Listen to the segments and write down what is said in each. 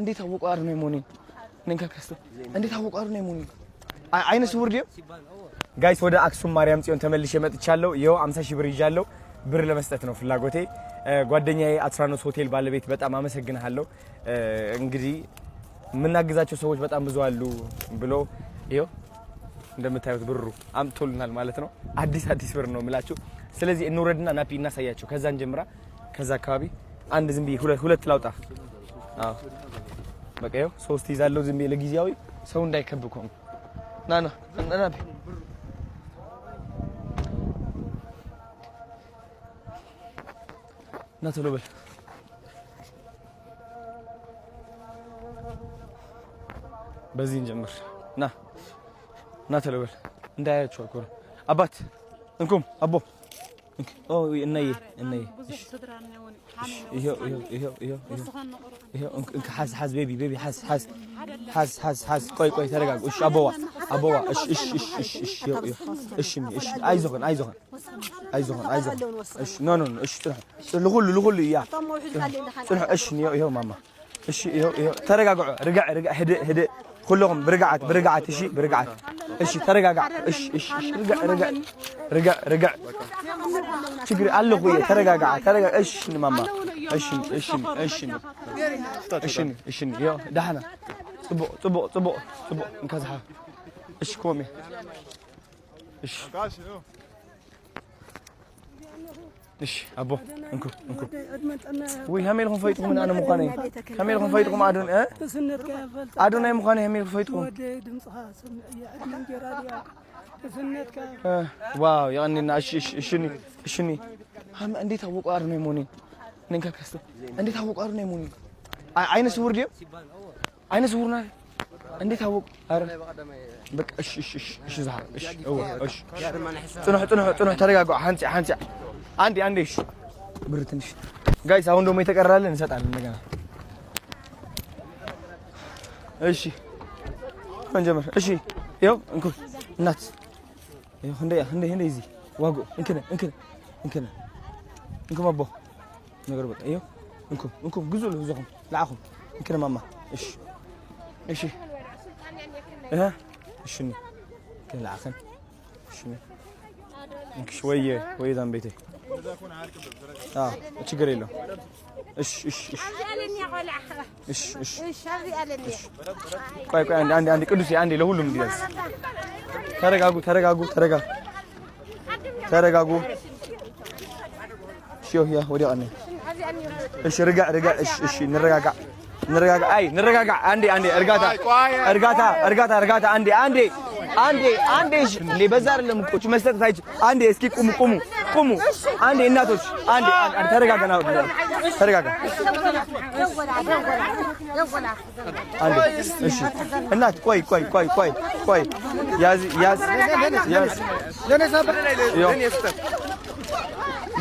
እንዴት አወቀው አይደል ነው የመሆኔን? እንዴት አወቀው አይደል ነው አይነ ስውር ጋይስ፣ ወደ አክሱም ማርያም ጽዮን ተመልሼ መጥቻለሁ። ይኸው 50 ሺህ ብር ይዣለሁ። ብር ለመስጠት ነው ፍላጎቴ። ጓደኛዬ አትራኖስ ሆቴል ባለቤት በጣም አመሰግንሃለሁ። እንግዲህ የምናግዛቸው ሰዎች በጣም ብዙ አሉ ብሎ ይኸው እንደምታዩት ብሩ አምጥቶልናል ማለት ነው። አዲስ አዲስ ብር ነው የምላችሁ። ስለዚህ እንውረድና ናፒ እናሳያቸው። ከዛን ጀምራ ከዛ አካባቢ አንድ ዝም ብዬ ሁለት ላውጣ። አዎ በቃ ይኸው ሶስት ይዛለው ዝም ብዬ ለጊዜያዊ ሰው እንዳይከብ እኮ ነው። ና ና ና ና ቶሎ በል። በዚህ እንጀምር። ና ና ቶሎ በል። እንዳያያችሁ አልኮ አባት እንኩም አቦ oo inay inay iyo iyo iyo iyo iyo inka حاس حاس بيبي بيبي حاس حاس حاس حاس حاس كوي كوي ترجع ايش ابوا ابوا ايش ايش ايش ايش ايش يو يو ايش مي ايش عايزهم عايزهم عايزهم عايزهم ايش نو نو ايش تروح لغول لغول يا تروح ايش يو يو ماما ايش يو يو ترجع رجع رجع هدي هدي كلهم برجعت برجعت اشي برجعت اشي ترجع اش اش اش رجع رجع رجع رجع تجري قال له خويا ترجع ترجع اش ماما اش اش اش اش اش يا دحنا طبق طبق طبق طبق انكزحه اش كومي اش እሺ አቦ እንኩ እንኩ ወይ ሀሜል ፈይጥኩም አነ ሙኻነ ሀሜል ፈይጥኩም አዶን አዶናይ ሙኻነ ሀሜል ፈይጥኩም ዋው ያኔና እሺ እሺ እሺ እሺ እንዴት አወቁ አዶናይ መሆኔን? እንንካካስተ እንዴት አወቁ አዶናይ መሆኔን? አይነ ስውር ዲዮ አይነ ስውር ናት እንዴት አወቁ? አረ በቃ እሺ፣ እሺ፣ እሺ፣ እሺ፣ ዛህር እሺ፣ እሺ፣ ጽኑሕ፣ ጽኑሕ፣ ጽኑሕ፣ ተረጋጋ። ሀንፂ፣ ሀንፂ፣ አንዲ አንዲ እሺ፣ ብር ትንሽ ጋይስ፣ አሁን ደግሞ የተቀራለን እንሰጣለን እንደገና። እሺ፣ እንጀምር። እሺ፣ ይኸው እንኩ እናት፣ ይኸው እንደ እንደ እንደ እዚህ ዋጎ እንክነ እንክነ እንክነ እንኩ ማቦ ነገር በቃ ይኸው እንኩ እንኩ ግዙ ለዛሁም ለአኹም እንክነ ማማ እሺ፣ እሺ ها شنو تلعخن شنو شويه ወይ ዛም ቤቴ አዎ ችግር የለው። እሺ እሺ እሺ እሺ እሺ እሺ ቆይ ቆይ አንዴ አንዴ ቅዱስ አንዴ ለሁሉም እንዲደርስ ተረጋጉ ተረጋጉ ተረጋጉ ተረጋጉ። እሺ ወዲያ እሺ እሺ እንረጋጋ እንረጋጋ። አይ እንረጋጋ። አንዴ አንዴ፣ እርጋታ እርጋታ እርጋታ እርጋታ። አንዴ አንዴ አንዴ አንዴ። እሺ እንዴ፣ በዛ አይደለም እኮ መስጠት አይች። አንዴ እስኪ ቁሙ ቁሙ ቁሙ። አንዴ እናቶች፣ አንዴ ተረጋጋ፣ ተረጋጋ። አንዴ እሺ፣ እናት ቆይ ቆይ ቆይ ቆይ ቆይ፣ ያዝ ያዝ ያዝ።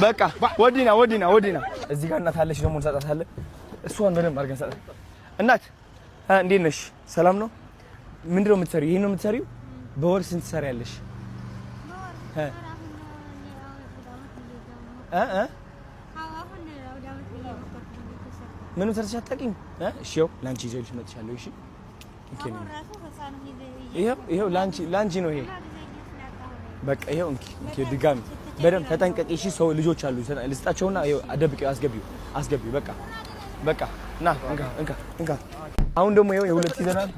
በቃ ወዲና ወዲና ወዲና። እዚህ ጋር እናት አለች፣ ደግሞ እንሰጣታለን እሷን በደንብ አድርገን ሰጠን። እናት እንዴት ነሽ? ሰላም ነው? ምንድነው ነው የምትሰሪው? ይሄን ነው የምትሰሪው? በወር ስንት ትሰሪያለሽ? ምንም ሰርተሽ አታውቂም? እሺ ያው ላንቺ ይዤልሽ መጥቻለሁ። እሺ ኦኬ ይሄው ይሄው ላንቺ ላንቺ ነው ይሄ። በቃ ይሄው እንኪ እንኪ ድጋሚ በደንብ ተጠንቀቂ። እሺ ሰው ልጆች አሉ ልስጣቸውና ይሄው አደብቂው፣ አስገቢው አስገቢው በቃ በቃ ና እንካ እንካ እንካ። አሁን ደግሞ ይሄው የሁለት ይዘናል።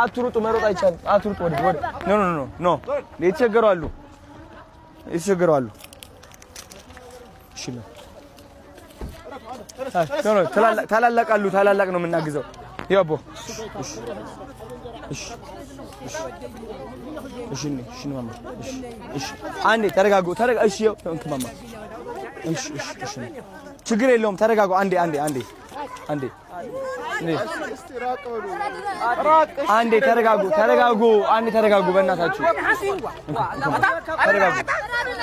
አትሩጡ፣ መሮጥ አይቻልም። አትሩጡ። ወደ ወደ ኖ ኖ ኖ ኖ የተቸገሩ አሉ፣ የተቸገሩ አሉ። እሺ ነው ታላላቅ አሉ። ታላላቅ ነው የምናግዘው። ያው አቦ እሺ እሺ እሺ እሺ እሺ እሺ አንዴ ተረጋጉ፣ ተረጋ እሺ ያው እንትን ማማ ችግር የለውም። ተረጋጉ። አንዴ አንዴ አንዴ አንዴ አንዴ ተረጋጉ፣ ተረጋጉ። አንዴ ተረጋጉ፣ በእናታችሁ ተረጋጉ።